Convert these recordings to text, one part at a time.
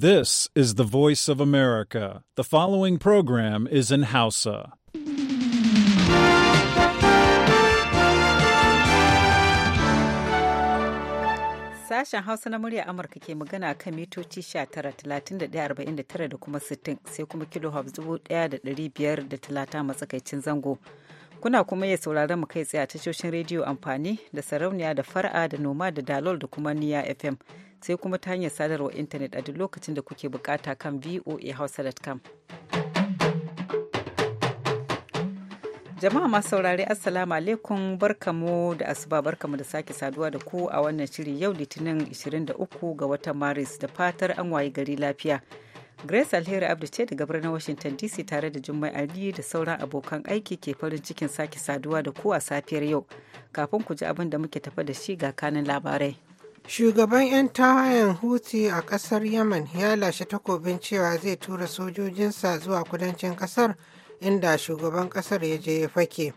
This is the voice of America. The following program is in Hausa. Sashen Hausa na murya Amurka ke magana kan mitoci 19,31,49 da kuma 60 sai kuma kilo 1,530 matsakaicin zango. Kuna kuma iya sauraron mu kai tsaye a tashoshin rediyo amfani da sarauniya da fara da noma da dalol da kuma niya FM. sai kuma ta hanyar sadarwa intanet a duk lokacin da kuke bukata kan voahausa.com. jama'a masu saurare assalamu alaikum barkamu da asuba barkamu da sake saduwa da ku a wannan shiri yau litinin 23 ga watan maris da fatar an waye gari lafiya grace alheri abdu ce daga birnin washington dc tare da jummai ali da sauran abokan aiki ke farin cikin sake saduwa da ku a safiyar yau kafin ku ji abin da muke tafa da shi ga kanin labarai Shugaban 'yan tawayen Houthi a ƙasar yaman ya lashe takobin cewa zai tura sojojinsa zuwa kudancin ƙasar inda shugaban ƙasar ya je ya fake.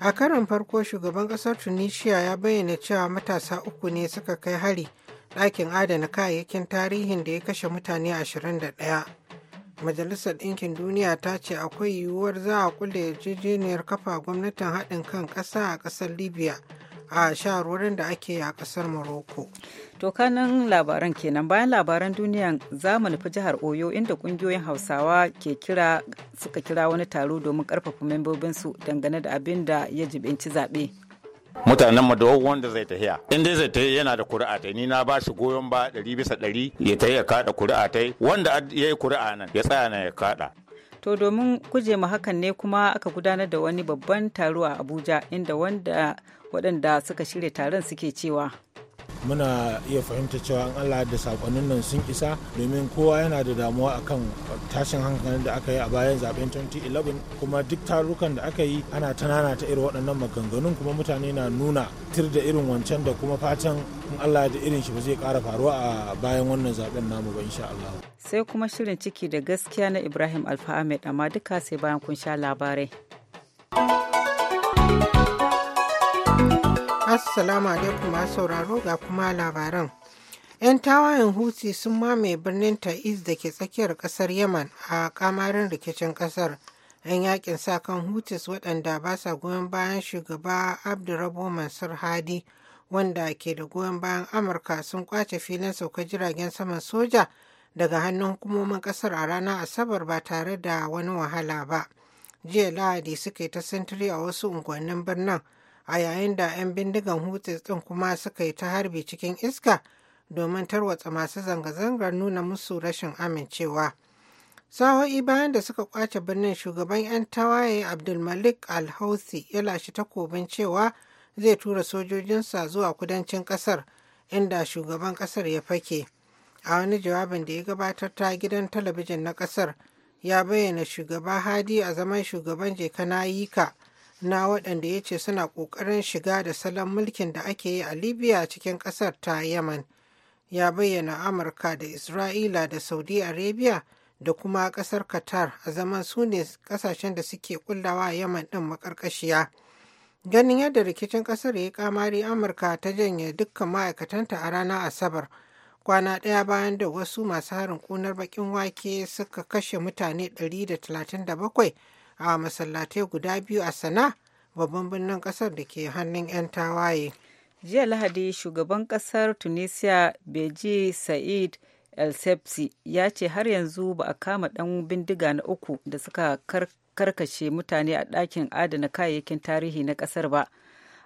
A karin farko shugaban ƙasar Tunisia ya bayyana cewa matasa uku ne suka kai hari ɗakin adana kayayyakin tarihin da ya kashe mutane 21. Majalisar Ɗinkin Duniya ta ce akwai yiwuwar za a kulle yarjejeniyar kafa gwamnatin haɗin kan ƙasa a ƙasar Libya. a shahararren da ake a kasar morocco to kanan labaran kenan bayan labaran duniya za mu nufi jihar oyo inda kungiyoyin hausawa ke kira suka kira wani taro domin karfafa membobinsu dangane da abin da ya jibinci zaɓe mutanen mu da wanda zai tafiya in dai zai tafiya yana da kuri'a ta ni na bashi goyon ba ɗari bisa ɗari ya tafi ya kaɗa kuri'a ta wanda ya yi kuri'a nan ya tsaya nan ya kaɗa To domin guje ma hakan ne kuma aka gudanar da wani babban taro a Abuja inda wanda waɗanda suka shirya taron suke cewa. muna iya fahimta cewa an Allah da sakonnin nan sun isa domin kowa yana da damuwa akan tashin hankalin da aka yi a bayan zaben 2011 kuma duk tarukan da aka yi ana tanana ta irin waɗannan maganganun kuma mutane na nuna tir da irin wancan da kuma fatan in Allah da irin shi ba zai kara faruwa a bayan wannan zaben namu ba insha Allah. Sai kuma shirin ciki da gaskiya na Ibrahim Alfa amma duka sai bayan kun sha labarai. Assalamu alaikum masu sauraro ga kuma labaran. 'Yan tawayen Houthi sun mamaye birnin Ta'iz da ke tsakiyar kasar yaman a kamarin rikicin kasar. 'Yan yakin sa kan Hutis waɗanda ba sa goyon bayan shugaba Abdurrabo Mansur Hadi wanda ke da goyon bayan Amurka sun kwace filin sauka jiragen saman soja daga hannun hukumomin kasar a ranar Asabar ba tare da wani wahala ba. Jiya Lahadi suka yi ta sintiri a wasu unguwannin birnin. a yayin da 'yan bindigan hutus ɗin kuma suka yi ta harbi cikin iska domin tarwatsa masu zanga-zangar nuna musu rashin amincewa. Saho'i bayan da suka kwace birnin shugaban 'yan tawaye Abdulmalik Al-Houthi, Alhouthi ya lashe takobin cewa zai tura sojojinsa zuwa kudancin kasar inda shugaban kasar ya fake. A wani jawabin da ya gabatar ta gidan talabijin na kasar ya bayyana shugaba Hadi a zaman shugaban jeka na yika na waɗanda ya ce suna ƙoƙarin shiga da salon mulkin da ake yi a libya cikin ƙasar ta yaman ya bayyana amurka da isra'ila da saudi arabia da kuma ƙasar qatar a zaman su ne ƙasashen da suke kullawa yaman ɗin maƙarƙashiya ganin yadda rikicin ƙasar ya kamari amurka ta janye dukkan ma'aikatanta a ranar asabar kwana ɗaya bayan da wasu masu harin ƙunar baƙin wake suka kashe mutane 137 a masallatai guda biyu a sana babban birnin kasar da ke hannun 'yan tawaye jiya lahadi shugaban kasar tunisia beji said el sepsi ya ce har yanzu ba a kama dan bindiga na uku da suka karkashe mutane a ɗakin adana kayayyakin tarihi na kasar ba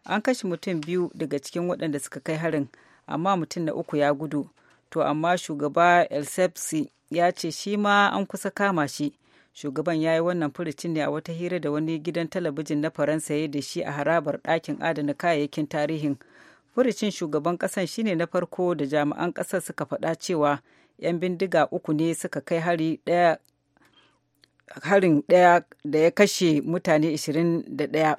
an kashe mutum biyu daga cikin waɗanda suka kai harin amma mutum na uku ya gudu to amma shugaba el sepsi ya ce shi ma an kusa kama shi shugaban ya yi wannan furucin ne a wata hira da wani gidan talabijin na faransa ya da shi a harabar ɗakin adana kayayyakin tarihin furucin shugaban ƙasan shine na farko da jami'an ƙasar suka faɗa cewa 'yan bindiga uku ne suka kai hari ɗaya harin ɗaya da ya kashe mutane 21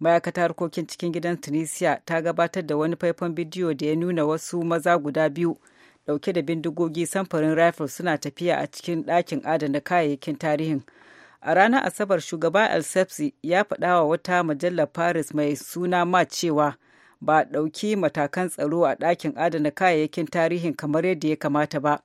ma'aikata harkokin cikin gidan tunisia ta gabatar da wani faifan bidiyo da ya nuna wasu maza guda biyu dauke da bindigogi samfurin rifle suna tafiya a cikin ɗakin adana kayayyakin tarihin a ranar asabar shugaba el ya faɗa wa wata mujallar paris mai suna ma cewa ba a ɗauki matakan tsaro a ɗakin adana kayayyakin tarihin kamar yadda ya kamata ba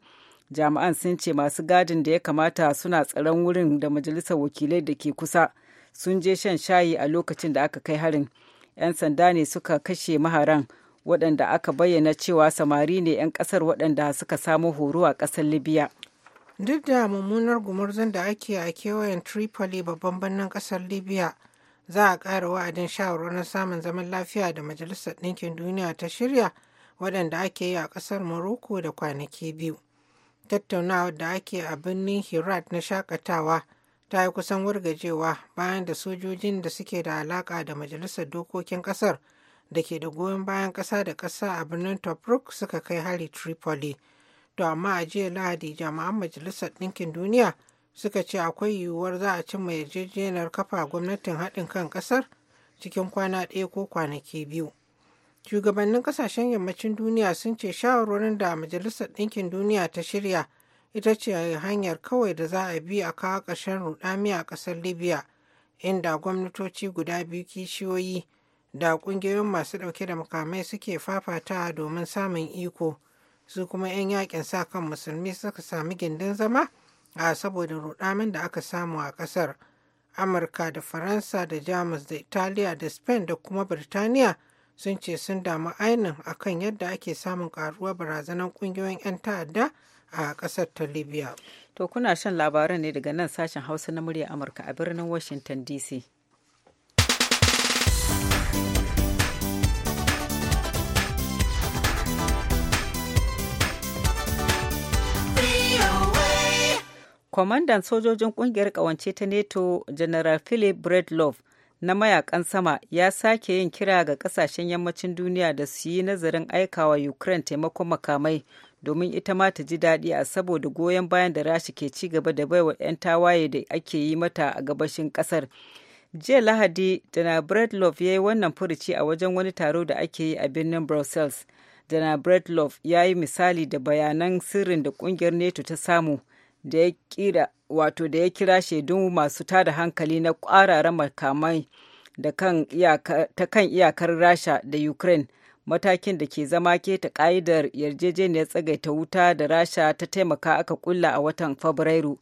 jami'an sun ce masu gadin da ya kamata suna tsaron wurin da majalisar wakilai da ke kusa sun je shan shayi a lokacin da aka kai harin 'yan sanda ne suka kashe maharan waɗanda aka bayyana cewa samari ne 'yan ƙasar waɗanda suka samu horo a ƙasar libya duk da mummunar gumurzun da ake a kewayen tripoli babban birnin ƙasar libya za a ƙara wa'adin shawarwarin samun zaman lafiya da majalisar ɗinkin duniya ta shirya waɗanda ake yi a ƙasar morocco da kwanaki biyu tattaunawar da ake a birnin hirat na shakatawa ta yi kusan wargajewa bayan da sojojin da suke da alaƙa da majalisar dokokin ƙasar da ke da goyon bayan ƙasa da ƙasa a birnin tobruk suka kai hari tripoli to amma a jiya lahadi jama'an majalisar ɗinkin duniya suka ce akwai yiwuwar za a cimma yarjejeniyar kafa gwamnatin haɗin kan ƙasar cikin kwana ɗaya ko kwanaki biyu shugabannin ƙasashen yammacin duniya sun ce shawarwarin da majalisar ɗinkin duniya ta shirya ita ce hanyar kawai da za a bi a kawo ƙarshen rudami a ƙasar libya inda gwamnatoci guda biyu kishiyoyi da kungiyoyin masu ɗauke da makamai suke fafata domin samun iko su kuma 'yan yakin sa kan musulmi suka sami gindin zama a saboda rudamin da aka samu a ƙasar amurka da faransa da jamus da italiya da spain da kuma birtaniya sun ce sun damu a kan yadda ake samun karuwar barazanar kungiyoyin 'yan ta'adda a ƙasar ta libya to kuna shan labaran ne daga nan sashen hausa na murya amurka a birnin washington dc kwamandan sojojin kungiyar kawance ta NATO general philip breedlove na mayakan sama ya sake yin kira ga kasashen yammacin duniya da su yi nazarin aikawa ukraine taimakon makamai domin ita ma ta ji daɗi a saboda goyon bayan da rashi ke ci gaba da baiwa 'yan tawaye da ake yi mata a gabashin ƙasar. kasar jiya lahadi jana breadlove ya yi wannan furuci a wajen wani taro da ake yi a birnin brussels jana breadlove ya yi misali da bayanan sirrin da kungiyar neto ta samu da ya kira wato da ya kira shaidun masu tada hankali na kwararan makamai ta kan iyakar rasha da ukraine matakin da ke zama keta ƙa'idar yarjejeniyar tsagaita wuta da rasha ta taimaka aka kulla a watan fabrairu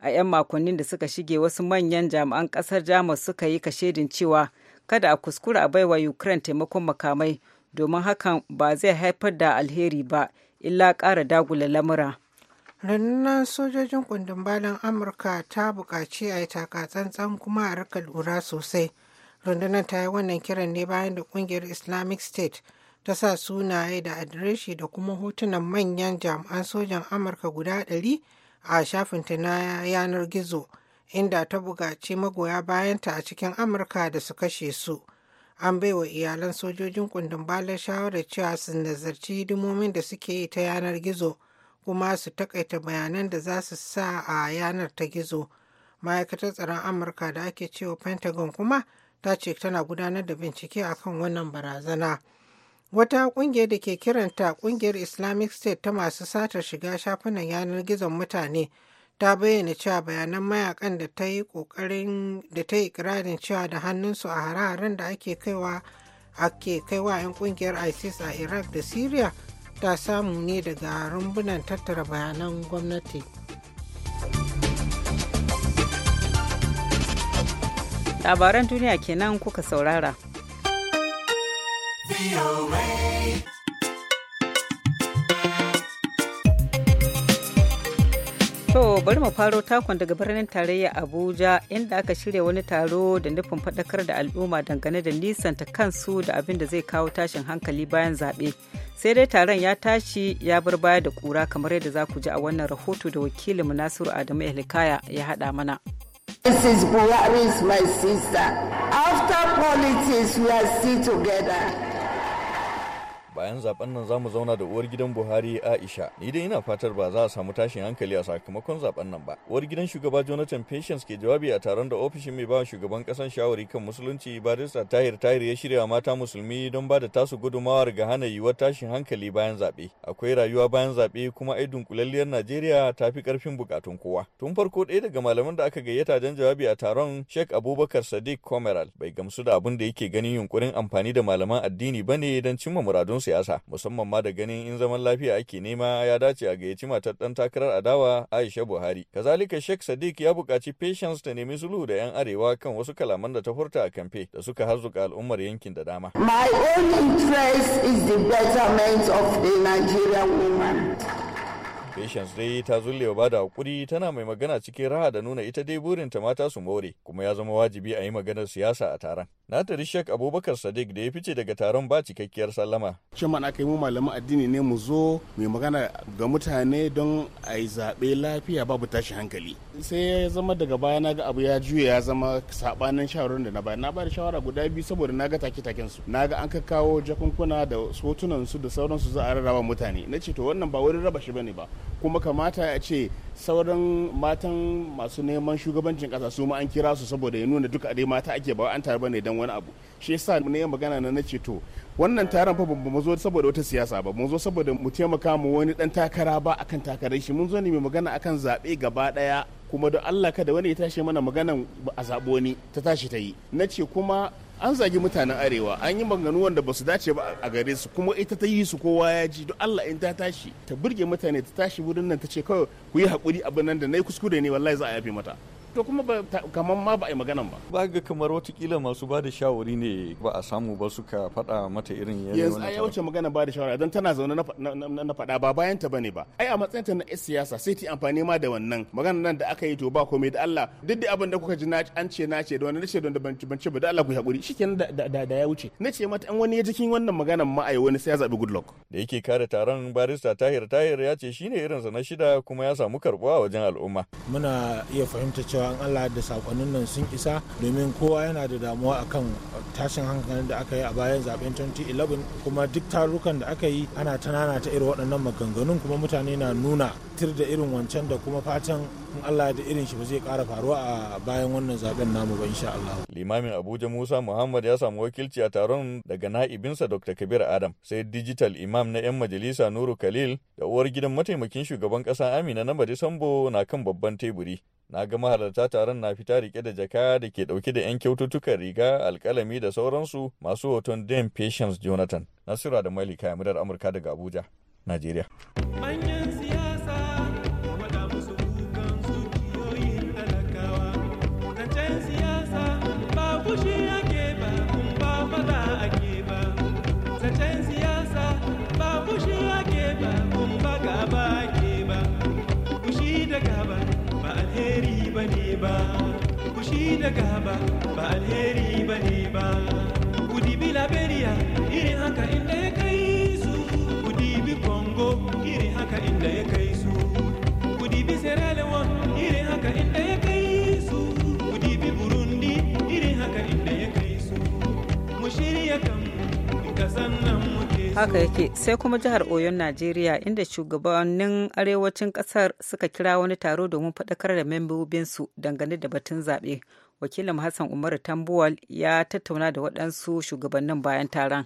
a 'yan makonnin da suka shige wasu manyan jami'an kasar jamus suka yi kashedin cewa kada a kuskura a baiwa ukraine taimakon makamai domin hakan ba zai haifar da alheri ba illa kara dagula lamura rundunar sojojin kundin balan amurka ta buƙaci a yi takatsantsan kuma a rika lura sosai rundunar ta yi wannan kiran ne bayan da ƙungiyar islamic state ta sa sunaye da adireshi da kuma hotunan manyan jami'an sojan amurka guda ɗari a shafinta na yanar gizo inda ta bugaci magoya bayanta a cikin amurka da su kashe su an baiwa iyalan sojojin kundin balar shawarar cewa su nazarci hidimomin da suke yi ta yanar gizo kuma su takaita bayanan da za su sa a yanar ta gizo ma'aikatar tsaron amurka da ake cewa pentagon kuma ta ce tana gudanar da bincike akan wannan barazana. Wata ƙungiyar da ke kiranta ƙungiyar Islamic State ta masu satar shiga shafunan yanar gizon mutane ta bayyana cewa bayanan mayakan da ta yi kokarin da ta yi ƙirarin cewa da hannunsu a hararen da ake kaiwa ake kaiwa 'yan ƙungiyar ISIS a Iraq da Syria ta samu ne daga rumbunan tattara bayanan gwamnati. Labaran duniya kenan kuka saurara. To bari mu faro takon daga birnin tarayya Abuja inda aka shirya wani taro da nufin faɗakar da al'umma dangane da nisanta kansu da abin da zai kawo tashin hankali bayan zaɓe. Sai dai taron ya tashi ya bar baya da kura kamar yadda za ku ji a wannan rahoto da wakilin Nasiru Adamu Ehlikaya ya haɗa mana. This is is my sister. After politics, we are still together. bayan zaben nan zamu zauna da uwar gidan Buhari Aisha ni dai ina fatar ba za a samu tashin hankali a sakamakon zaben nan ba uwar gidan shugaba Jonathan Patience ke jawabi a taron da ofishin mai bawa shugaban kasan shawari kan musulunci barista Tahir Tahir ya shirya mata musulmi don ba da tasu gudumawar ga hana yiwuwar tashin hankali bayan zabe akwai rayuwa bayan zabe kuma ai dunkulalliyar Najeriya ta fi karfin bukatun kowa tun farko ɗaya daga malaman da aka gayyata don jawabi a taron Sheikh Abubakar Sadiq Komeral bai gamsu da abin da yake ganin yunkurin amfani da malaman addini bane don cimma muradunsu siyasa musamman ma da ganin in zaman lafiya ake nema ya dace a gayyaci matar dan takarar adawa Aisha Buhari. Kazalika Sheikh Sadiq ya buƙaci Patience ta nemi sulhu da 'yan arewa kan wasu kalaman da ta furta a kamfe da suka harzuka al'ummar yankin da dama. My own interest is the betterment of the Nigerian woman. Patience dai ta zulle ba da hakuri tana mai magana cikin raha da nuna ita dai burinta mata su more kuma ya zama wajibi a yi maganar siyasa a taron. Na tari Sheikh Abubakar Sadiq da ya fice daga taron ba cikakkiyar sallama. Shin mana kai mu malaman addini ne mu zo mai magana ga mutane don a yi zaɓe lafiya babu tashi hankali. Sai ya zama daga baya na ga abu ya juya ya zama saɓanin shawarar da na bayar. Na bada shawara guda biyu saboda na ga take-taken su. Na ga an ka kawo jakunkuna da sotunan su da sauransu za a rarraba mutane. Na ce to wannan ba wurin raba shi bane ba. kuma kamata ya ce sauran matan masu neman shugabancin kasa su ma an kira su saboda ya nuna duka dai mata ake ba an tare ne don wani abu shi yasa ne magana na nace to wannan taron fa ba mu zo saboda wata siyasa ba mu zo saboda mu taimaka mu wani dan takara ba akan takarar shi mun zo ne mai magana akan zabe gaba daya kuma don Allah kada wani ya tashi mana maganan a zabo ni ta tashi ta yi na ce kuma an zagi mutanen arewa an yi maganganu wanda ba su dace ba a gare su kuma ita ta yi su kowa ya ji don Allah in ta tashi ta burge mutane ta tashi wurin nan ta ce kawai ku yi haƙuri abin nan da na yi kuskure ne wallahi za a yafe mata to kuma kamar ma ba a yi maganan ba ba ga kamar watakila masu ba da shawari ne ba a samu ba suka faɗa mata irin yanayi yanzu a magana ba da shawara don tana zaune na faɗa ba bayan ta bane ba ai a matsayin ta na siyasa sai ta amfani ma da wannan maganan nan da aka yi to ba komai da Allah duk da abin da kuka ji na an ce na ce da wani nace don da ban ce ba da Allah ku hakuri shi da da ya wuce na ce mata an wani ya jikin wannan maganan ma yi wani sai ya zabi good da yake kare taron barista Tahir Tahir ya ce shine irinsa na shida kuma ya samu karbuwa wajen al'umma muna iya fahimta cewa cewa an Allah da sakonnin nan sun isa domin kowa yana da damuwa akan tashin hankalin da aka yi a bayan zaben 2011 kuma duk tarukan da aka yi ana tanana ta irin waɗannan maganganun kuma mutane na nuna tir da irin wancan da kuma fatan in Allah da irin shi ba zai ƙara faruwa a bayan wannan zaben namu ba insha Allah. Limamin Abuja Musa Muhammad ya samu wakilci a taron daga na'ibinsa Dr. Kabir Adam sai digital imam na 'yan majalisa Nuru Khalil da uwar gidan mataimakin shugaban kasa Amina na Sambo na kan babban teburi. na ga mahalarta taron na fita rike da jaka da ke dauke da 'yan kyaututtukan riga alkalami da sauransu masu hoton dan patience jonathan nasira da malika murar amurka daga abuja najeriya ba kushi da gaba ba alheri ba ne ba kudi bi liberia irin haka inda ya kai su kudi bi congo irin haka inda ya kai haka yake sai kuma jihar oyon najeriya inda shugabannin arewacin kasar suka kira wani taro domin faɗakar da membobinsu dangane da batun zaɓe wakilin hassan umaru tambuwal ya tattauna da waɗansu shugabannin bayan taron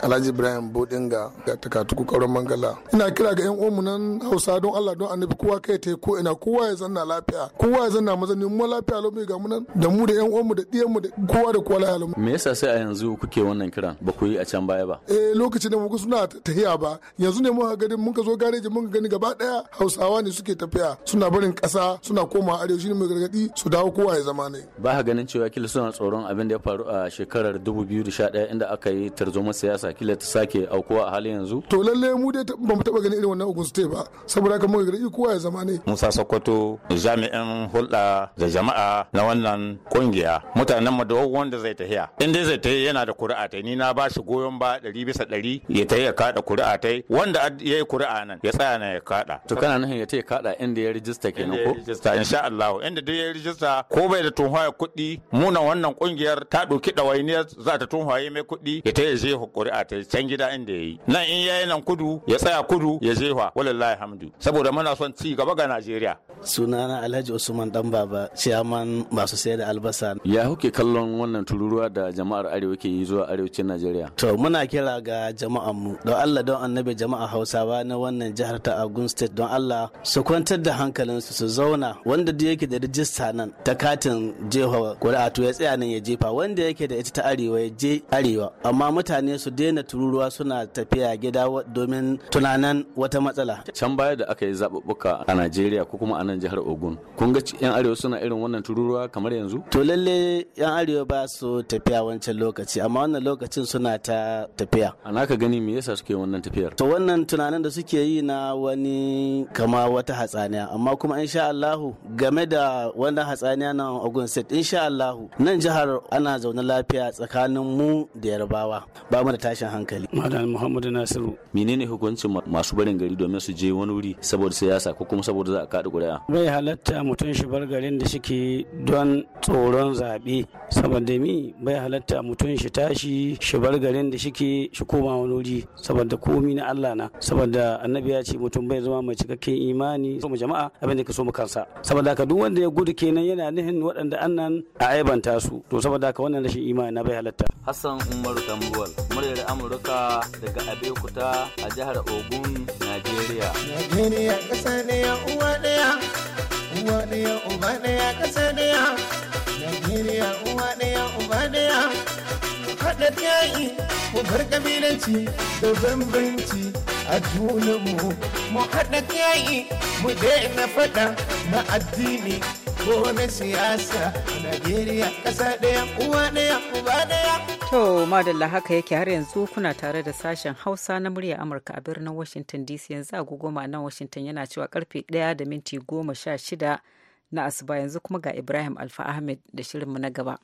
Alhaji Ibrahim Bodinga ga takatuku kauran Mangala. Ina kira ga 'yan uwanmu nan Hausa don Allah don Annabi kowa kai ta ko ina kowa ya zanna lafiya. Kowa ya zanna ne mu lafiya lomi ga mu nan da mu da 'yan uwanmu da ɗiyanmu da kowa da kowa lafiya. Me yasa sai a yanzu kuke wannan kiran ba ku yi a can baya ba? Eh lokacin da muku suna tafiya ba yanzu ne muka gani mun ka zo gareji mun gani gaba daya Hausawa ne suke tafiya suna barin ƙasa suna koma arewa shine mai gargadi su dawo kowa ya zama ne. Ba ka ganin cewa kila suna tsoron abin da ya faru a shekarar 2011 inda aka yi tarzoma siyasa sa kila ta sake aukuwa a halin yanzu to lalle mu dai ba mu taba ganin irin wannan ugun state ba saboda kamar muka gari kowa ya zama ne musa sokoto jami'in hulɗa da jama'a na wannan kungiya mutanen mu da wanda zai tafiya in dai zai tafiya yana da kuri'a ta ni na ba shi goyon ba ɗari bisa ɗari ya ta ya kaɗa kuri'a ta wanda ya yi kuri'a nan ya tsaya na ya kaɗa to kana nufin ya ta ya kaɗa inda ya rijista kenan ko rijista insha Allah inda dai ya rijista ko bai da tunhaya kuɗi na wannan kungiyar ta ɗauki ɗawainiyar za ta tunhaye mai kuɗi ya ta ya je hukuri shari'a ta can gida inda ya yi nan in yayi nan kudu ya tsaya kudu ya jefa walillahi hamdu saboda muna son ci gaba ga najeriya sunana alhaji usman dan baba ciyaman masu sayar da albasa ya huke kallon wannan tururuwa da jama'ar arewa ke yi zuwa arewacin najeriya to muna kira ga jama'an mu don allah don annabi jama'a hausawa na wannan jihar ta agun state don allah su kwantar da hankalinsu su zauna wanda duk yake da rijista nan ta katin jefa kuri'a to ya tsaya nan ya jefa wanda yake da ita ta arewa ya je arewa amma mutane su daina tururuwa suna tafiya gida domin tunanin wata matsala can baya da aka yi zaɓuɓɓuka a najeriya ko kuma a nan jihar ogun kun ga yan arewa suna irin wannan tururuwa kamar yanzu to lalle yan arewa ba su tafiya wancan lokaci amma wannan lokacin suna ta tafiya a naka gani me yasa suke wannan tafiyar to wannan tunanin da suke yi na wani kama wata hatsaniya amma kuma insha Allahu game da wannan hatsaniya na Ogun State insha Allahu nan jihar ana zaune lafiya tsakanin mu da Yarbawa ba mu da tashin hankali malam muhammadu nasiru menene hukuncin masu barin gari domin su je wani wuri saboda siyasa ko kuma saboda za a kaɗa ƙuri'a bai halatta mutum shi bar garin da shike don tsoron zaɓe saboda mi bai halatta mutum shi tashi shi bar garin da shike shi koma wani wuri saboda komi na Allah na saboda annabi ya ce mutum bai zama mai cikakken imani ko mu jama'a abin da ka so mu kansa saboda haka duk wanda ya gudu kenan yana nihin waɗanda annan a aibanta su to saboda haka wannan rashin imani na bai halatta Hassan Umaru Tambuwal Amurka daga Abeokuta a jihar Ogun, Najeriya. Najeriya kasa ɗaya uwa ɗaya, uwa ɗaya uba ɗaya kasa ɗaya. Najeriya uwa ɗaya uba ɗaya. Haɗa yayi mu bar da bambanci a junanmu. Mu haɗa yayi mu daina fada, na addini ko na siyasa. Najeriya kasa ɗaya uwa ɗaya uba ɗaya. To madalla haka yake har yanzu kuna tare da sashen Hausa na murya Amurka a birnin Washington DC yanzu agogo nan Washington yana cewa karfe 1 da minti 16 na asuba yanzu kuma ga Ibrahim Alfa Ahmed da shirinmu na gaba.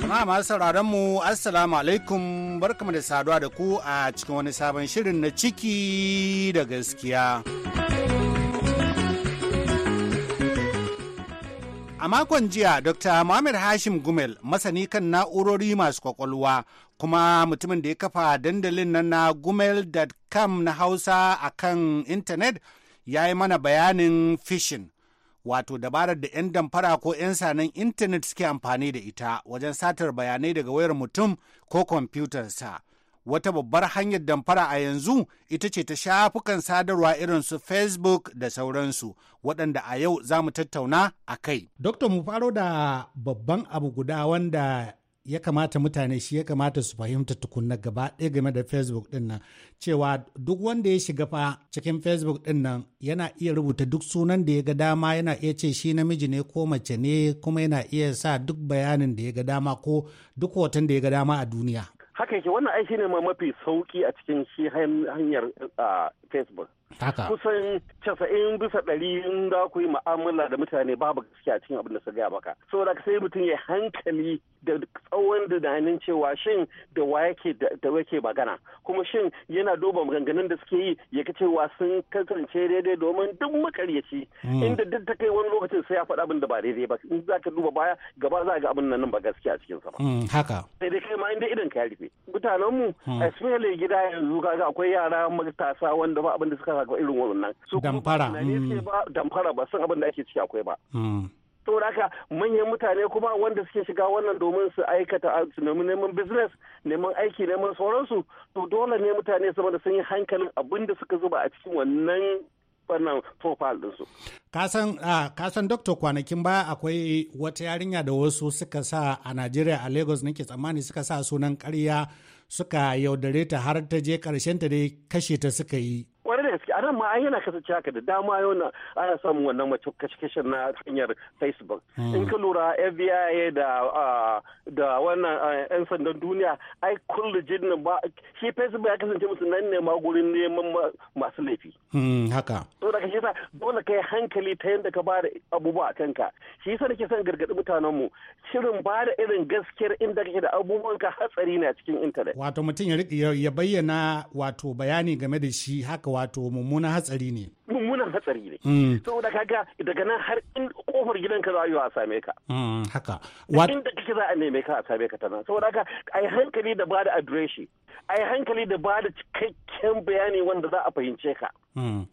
Jama'a masu sauraron mu Assalamu alaikum barkamu da saduwa da ku a cikin wani sabon shirin na ciki da gaskiya. A makon jiya, Dr. Muhammad Hashim Gumel, masani kan na'urori masu kwakwalwa, kuma mutumin da ya kafa dandalin na na gumel.com na Hausa a kan intanet ya yi mana bayanin phishing. Wato dabarar da 'yan damfara ko 'yan sanan intanet suke amfani da ita wajen satar bayanai daga wayar mutum ko kwamfutarsa. wata babbar hanyar damfara a yanzu ita ce ta shafukan sadarwa irin su facebook da sauransu waɗanda a yau za mu tattauna a kai. Dokta mu faro da babban abu guda wanda ya kamata mutane shi ya kamata su fahimta tukunna gaba ɗaya game da facebook ɗin nan cewa duk wanda ya shiga fa cikin facebook ɗin nan yana iya rubuta duk sunan da ya ga dama yana iya ce shi namiji ne ko mace ne kuma yana iya sa duk bayanin da ya ga dama ko duk hoton da ya ga dama a duniya haka shi wannan ai shine mafi sauki a cikin shi hanyar ah, facebook kusan in bisa ɗari in za ku yi mu'amala da mutane babu gaskiya cikin abin da su gaya maka saboda sai mutum ya hankali da tsawon tunanin cewa shin da wa yake da yake magana kuma shin yana duba maganganun da suke yi ya kacewa cewa sun kasance daidai domin duk makaryaci hmm. inda duk ta kai wani lokacin sai ya faɗa abin da ba daidai ba in za ka duba baya gaba za ga abin nan ba gaskiya cikin sa ba hmm, haka sai dai kai ma inda idan ka rufe mutanen mu hmm. gida yanzu kaga akwai yara matasa wanda ba abin da suka damfara ga irin wannan su damfara mm. ba damfara ba san abin da ake ciki akwai ba to mm. haka manyan mutane kuma wanda suke shiga wannan domin su aikata neman business neman aiki neman sauransu to dole ne mutane saboda sun yi hankalin abin da suka zuba a cikin wannan wannan profile ɗinsu. Kasan kasan doktor kwanakin baya akwai wata yarinya da wasu suka sa a Najeriya a Lagos nake tsammani suka sa sunan karya suka yaudare ta har ta je karshen ta dai kashe ta suka yi gaskiya a nan ma ai yana kasance haka da dama yau na ana samun wannan mace na hanyar facebook hmm. in ka lura fbi da da wannan yan sandan duniya ai kullu jinnin ba shi facebook ya kasance musu nan ne ma gurin neman masu laifi hmm, haka to kashi shi dole kai hankali ta yanda ka ba da abubuwa a kanka shi yasa nake son gargadi mutanen mu shirin ba da irin gaskiyar inda kake da abubuwan ka hatsari ne a cikin intanet wato mutum ya bayyana wato bayani game da shi haka wato mummunan hatsari ne mummunan hatsari ne hmm. saboda kaga daga nan har in kofar gidan ka za a yi a same ka hmm, haka inda kake za a neme ka a same ka tana saboda haka yi hankali da bada adireshi a yi hankali da bada cikakken bayani wanda za a fahimce ka hmm.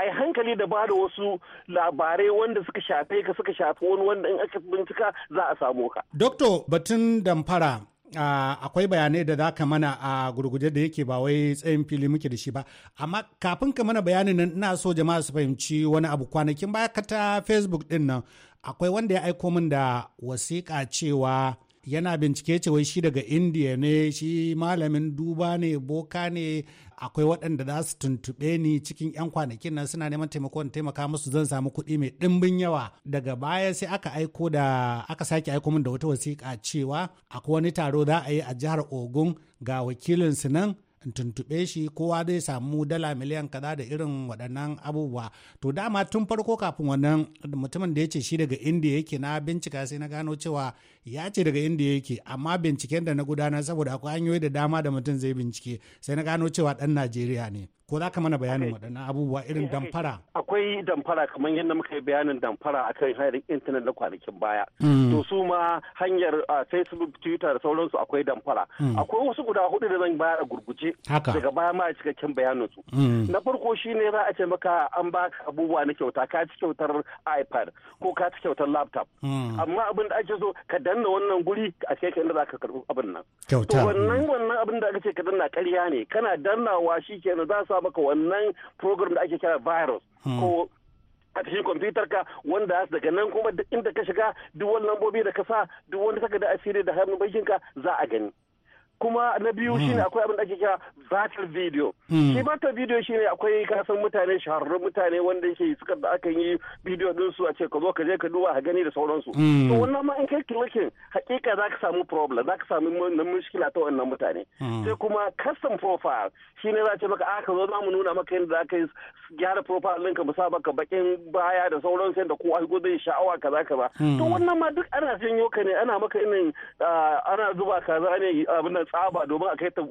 ai hankali da ba da wasu labarai wanda suka shafe ka suka shafi wani wanda in aka bincika za a samu ka. Doktor batun damfara akwai bayanai da za ka mana a gurguje da yake ba wai tsayin fili muke da shi ba amma kafin ka mana bayanin nan ina so jama'a su fahimci wani abu kwanakin baya ka ta facebook din nan akwai wanda ya aiko min da wasiƙa cewa yana bincike cewa shi daga indiya ne shi malamin duba ne boka ne akwai waɗanda za su tuntuɓe ni cikin 'yan kwanakin nan suna neman taimako in taimaka musu zan samu kuɗi mai ɗimbin yawa daga baya sai aka aiko da aka sake aiko min da wata wasiƙa cewa akwai wani taro za a yi a jihar ogun ga wakilin su nan in tuntuɓe shi kowa zai samu dala miliyan kaza da irin waɗannan abubuwa to dama tun farko kafin wannan mutumin da ya ce shi daga indiya yake na bincika sai na gano cewa ya ce daga inda yake amma binciken da na gudanar saboda akwai hanyoyi da dama da mutum zai bincike sai na gano cewa dan najeriya ne ko za ka mana bayanin waɗannan abubuwa irin damfara akwai damfara kamar yadda muka yi bayanin damfara akan hanyar intanet na kwanakin baya hmm. to su ma hanyar facebook twitter da sauransu akwai damfara hmm. akwai wasu guda hudu da zan baya a gurguje daga baya ma cikakken bayanin su hmm. na farko shine za a ce maka an ba ka abubuwa na kyauta ka ci kyautar ipad ko ka ci kyautar laptop amma abin da ake so ka danna wannan guri a kai inda za ka karɓi abin nan. Kyauta. Wannan wannan abin da aka ce ka danna ƙarya ne kana dannawa shi kenan za su maka wannan program da ake kira virus. Hmm. Ko a cikin kwamfutar ka wanda daga nan kuma duk inda ka shiga duk wannan lambobi da ka sa duk wani takarda asiri da hannun bakin ka za a gani. kuma na biyu hmm. shine akwai abin da ake kira battle video hmm. shi battle video shine akwai kasan mutane shahararrun mutane wanda yake suka da aka yi video din su a ce ka zo ka je ka duba a gani da sauransu hmm. to wannan ma in kai kilikin hakika zaka samu problem zaka samu mushkila ta wannan mutane sai kuma custom profile shine za ce maka a ah, ka zo za mu nuna maka yadda zaka gyara profile ɗinka mu sa ka bakin baya da sauransu yadda kowa a zai sha'awa kaza kaza to wannan ma duk ana janyo ka ne ana maka irin ah, ana zuba kaza ne abin tsaba domin a kai ta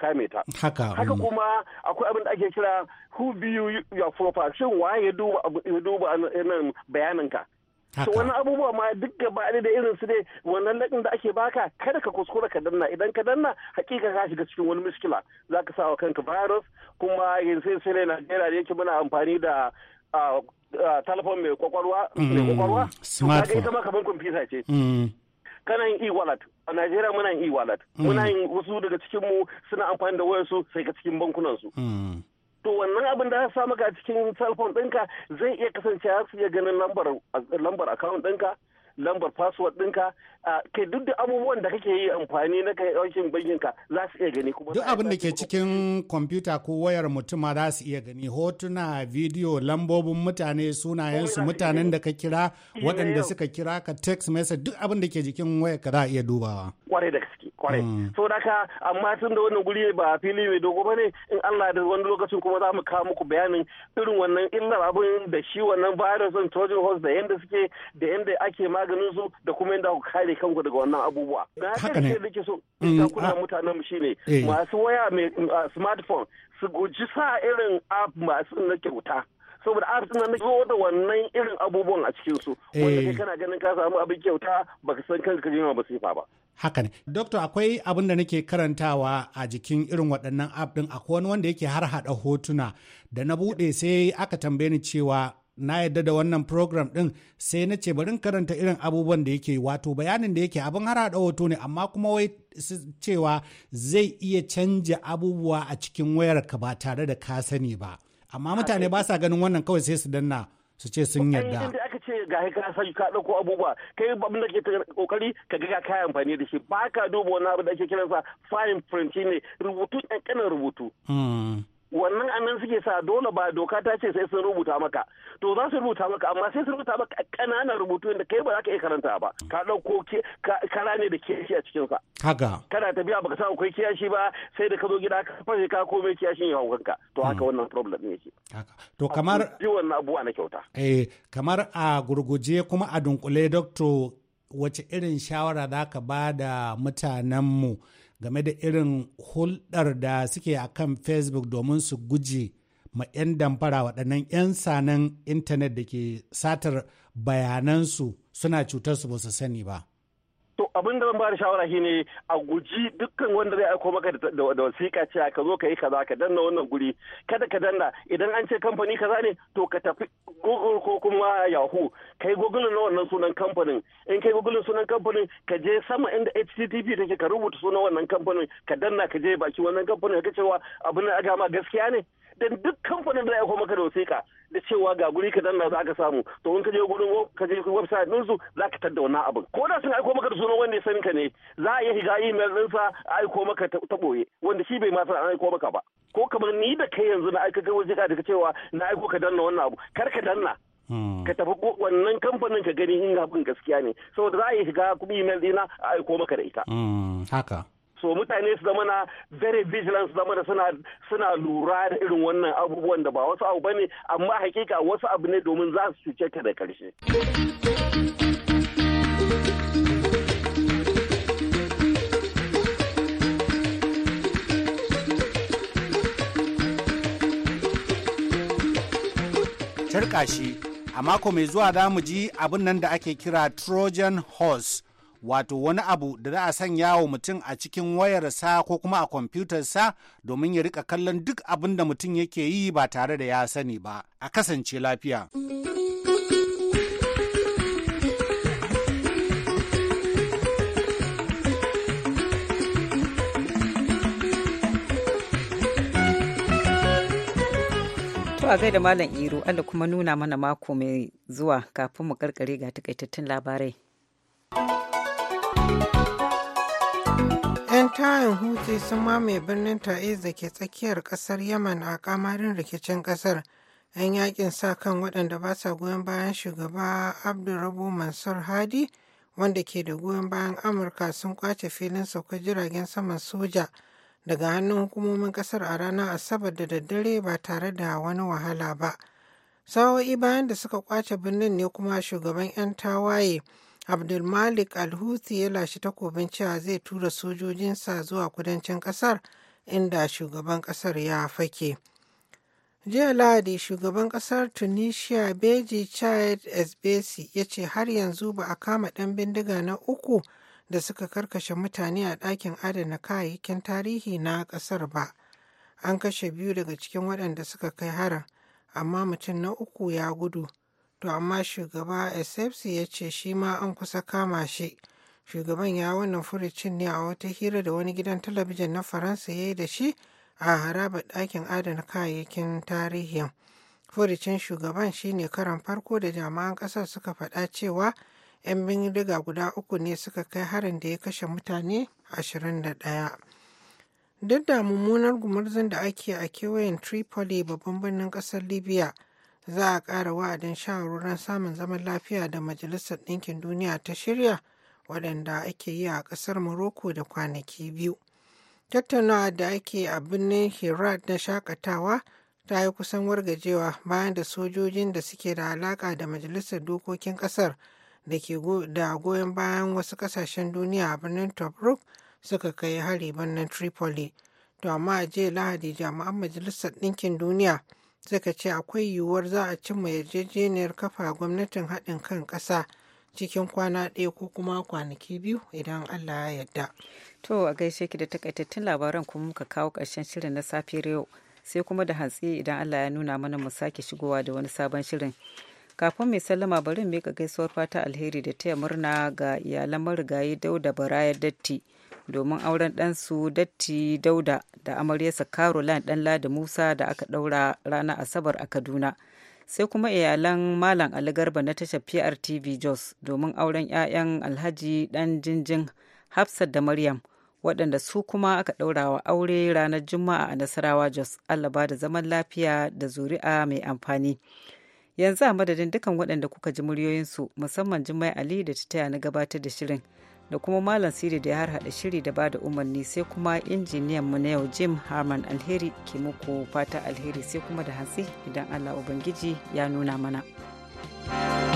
kame ta haka haka kuma akwai abin da ake kira who be you your proper shin waye ya duba ya duba bayanin ka to wani abubuwa ma duk gaba da irin su ne wannan laɗin da ake baka kada ka kuskura ka danna idan ka danna hakika ka shiga cikin wani muskila za ka sa wa kanka virus kuma yanzu sai ne najeriya da yake muna amfani da telephone mai kwakwalwa mai mm, kwakwalwa smartphone kaga ita ma kamar computer ce mm. kana yin e-wallet a Najeriya muna yin e-wallet hmm. muna yin wasu daga cikin mu suna amfani da wayarsu sai ka cikin bankunan su hmm. to wannan abin da sa maka cikin cell phone ɗinka zai iya kasance iya ganin lambar lambar account ɗinka lambar password ɗinka ke duk da abubuwan da kake yi amfani na kai bankin bankinka za su iya gani kuma duk abin da ke cikin kwamfuta ko wayar mutuma za su iya gani hotuna bidiyo lambobin mutane sunayensu mutanen da ka kira waɗanda suka kira ka text message duk abin da ke jikin wayar ka za a iya dubawa kwarai da gaske kwarai mm. so ka amma tun da wannan guri ba fili mai dogo ne in Allah da wani lokacin kuma za mu kawo muku bayanin irin wannan illar abin da shi wannan virus din Trojan horse da yanda suke da yanda ake maganin su da kuma yanda ku kare kanku daga wannan abubuwa na haka da ke so mm, kuna ah. mutanen mu shine eh. masu waya mai ah, smartphone su guji sa irin app masu na kyauta saboda arsenal na zo da wannan irin abubuwan a cikin su wanda kai eh. kana ganin ka samu abin kyauta baka san kanka ka jima fa ba haka ne doctor akwai abin da nake karantawa a jikin irin waɗannan app din akwai wani wanda yake har hada hotuna da na bude sai aka tambaye ni cewa na yadda da wannan program din sai na ce barin karanta irin abubuwan da yake wato bayanin da yake abin har hada hoto ne amma kuma wai cewa zai iya canja abubuwa a cikin wayarka ba tare da ka sani ba amma mutane ba sa ganin wannan kawai sai su danna su ce sun yarda da aka ce ga ka sai ka dauko abubuwa kai abin da ke kokari ka ga kai amfani da shi ba ka duba wani abu da ake kiransa fine print ne rubutu kankanin rubutu hmm. wannan anan suke sa dole ba doka ta ce sai sun rubuta maka to za su rubuta maka amma sai su rubuta maka kananan rubutu inda kai ba za ka iya karanta ba ka dauko kara ne da kiyashi a cikin sa haka kana tafiya baka sa akwai kiyashi ba sai da ka zo gida ka fashe ka komai kiyashin ya kanka to haka hmm. wannan problem ne ke haka to kamar ji wannan abuwa na kyauta eh kamar a gurguje kuma a dunkule doctor wace irin shawara za ka ba da mutanenmu game da irin hulɗar da suke a kan facebook domin su guji ma 'yan damfara waɗannan 'yan sanan intanet da ke satar bayanansu suna cutar su ba su sani ba. abin da zan ba da shawara shine a guji dukkan wanda zai aiko maka da wasiƙa cewa ka zo ka yi kaza ka danna wannan guri kada ka danna idan an ce kamfani kaza ne to ka tafi google ko kuma yahoo kai google na wannan sunan kamfanin in kai google sunan kamfanin ka je sama inda http take ka rubuta sunan wannan kamfanin ka danna ka je baki wannan kamfanin ka cewa abin da aka ma gaskiya ne dan duk kamfanin da ya aiko maka da wasiƙa da cewa ga guri kaza na za ka samu to in ka je gurin ka je website din su za ka tadda wannan abin ko da sun aiko maka da sunan wanda ya sani ka ne za a iya shiga email din sa aiko maka ta boye wanda shi bai ma san an aiko maka ba ko kamar ni da kai yanzu na aika kai wasiƙa da cewa na aiko ka danna wannan abu kar ka danna hmm. ka tafi wannan kamfanin ka gani in abin gaskiya ne saboda za a yi shiga kuma email dina a aiko maka da ita hmm, haka so mutane su zama na very vigilant zama da suna suna lura da irin wannan abubuwan da ba wasu abu bane amma hakika wasu abu ne domin za su cuce ka da karshe Cirka a mako mai zuwa za mu ji abin nan da ake kira Trojan Horse wato wani abu da za a sanya wa mutum a cikin wayarsa ko kuma a kwamfutarsa domin ya rika kallon duk abin da mutum yake yi ba tare da ya sani ba a kasance lafiya. a gaida Malam Iro, Allah kuma nuna mana mako mai zuwa kafin mu karkare ga takaitattun labarai. tayin Hutu sun mamaye birnin ta'iz da ke tsakiyar kasar yaman a kamarin rikicin kasar yan yakin sa kan waɗanda ba sa goyon bayan shugaba abdurrabu mansur hadi wanda ke da goyon bayan amurka sun kwace filin sauka jiragen saman soja daga hannun hukumomin kasar a ranar asabar da daddare ba tare da wani wahala ba sa'o'i bayan da suka kwace birnin ne kuma shugaban 'yan tawaye abdulmalik alhuthi ya lashe takobin cewa zai tura sojojinsa zuwa kudancin kasar inda shugaban kasar ya fake jiya lahadi shugaban kasar tunisia beji child esbesi ya ce har yanzu ba a kama ɗan bindiga na uku da suka karkashe mutane a ɗakin adana kayayyakin tarihi na ƙasar ba an kashe biyu daga cikin waɗanda suka kai harin amma mutum na uku ya gudu to amma shugaba Essebsi ya ce shi ma an kusa kama shi. Shugaban ya wannan furucin ne a wata hira da wani gidan talabijin na Faransa ya yi da shi a harabar ɗakin adana kayayyakin tarihin. Furucin shugaban shine karan farko da jami'an ƙasar suka faɗa cewa 'yan bindiga guda uku ne suka kai harin da ya kashe mutane 21. Duk da mummunar gumurzun da ake a kewayen Tripoli babban birnin ƙasar Libya, za a ƙara wa'adin shawarwarin samun zaman lafiya da majalisar ɗinkin duniya ta shirya waɗanda ake yi a ƙasar morocco da kwanaki biyu tattaunawa da ake a birnin herat na shakatawa ta yi kusan wargajewa bayan da sojojin da suke da alaƙa da majalisar dokokin ƙasar da ke da goyon bayan wasu ƙasashen duniya a birnin tobruk suka kai hari birnin tripoli to amma a jiya lahadi jami'an majalisar ɗinkin duniya suka ce akwai yiwuwar za a cimma yarjejeniyar kafa gwamnatin haɗin kan ƙasa cikin kwana ɗaya ko kuma kwanaki biyu idan Allah ya yarda. To a gaishe ki da takaitattun labaran kuma muka kawo ƙarshen shirin na safiyar yau sai kuma da hantsi idan Allah ya nuna mana mu sake shigowa da wani sabon shirin. Kafin mai sallama bari mu miƙa gaisuwar fata alheri da taya murna ga iyalan marigayi Dauda Baraya Datti. domin auren ɗansu datti dauda da amaryarsa caroline ɗan ladi musa da aka ɗaura ranar asabar a kaduna sai kuma iyalan malam ali garba na tashar prtv jos domin auren 'ya'yan alhaji ɗan jinjin hafsat da maryam waɗanda su kuma aka ɗaura wa aure ranar juma'a a nasarawa jos allah ba da zaman lafiya da zuri'a mai amfani yanzu a madadin dukan waɗanda kuka ji muryoyinsu musamman jimai ali da ta taya na gabatar da shirin da kuma malam siri da ya harhaɗa shiri da bada umarni sai kuma injiniyan mu na yau jim harman alheri ke muku fata alheri sai kuma da hatsi idan allah ubangiji ya nuna mana. thank you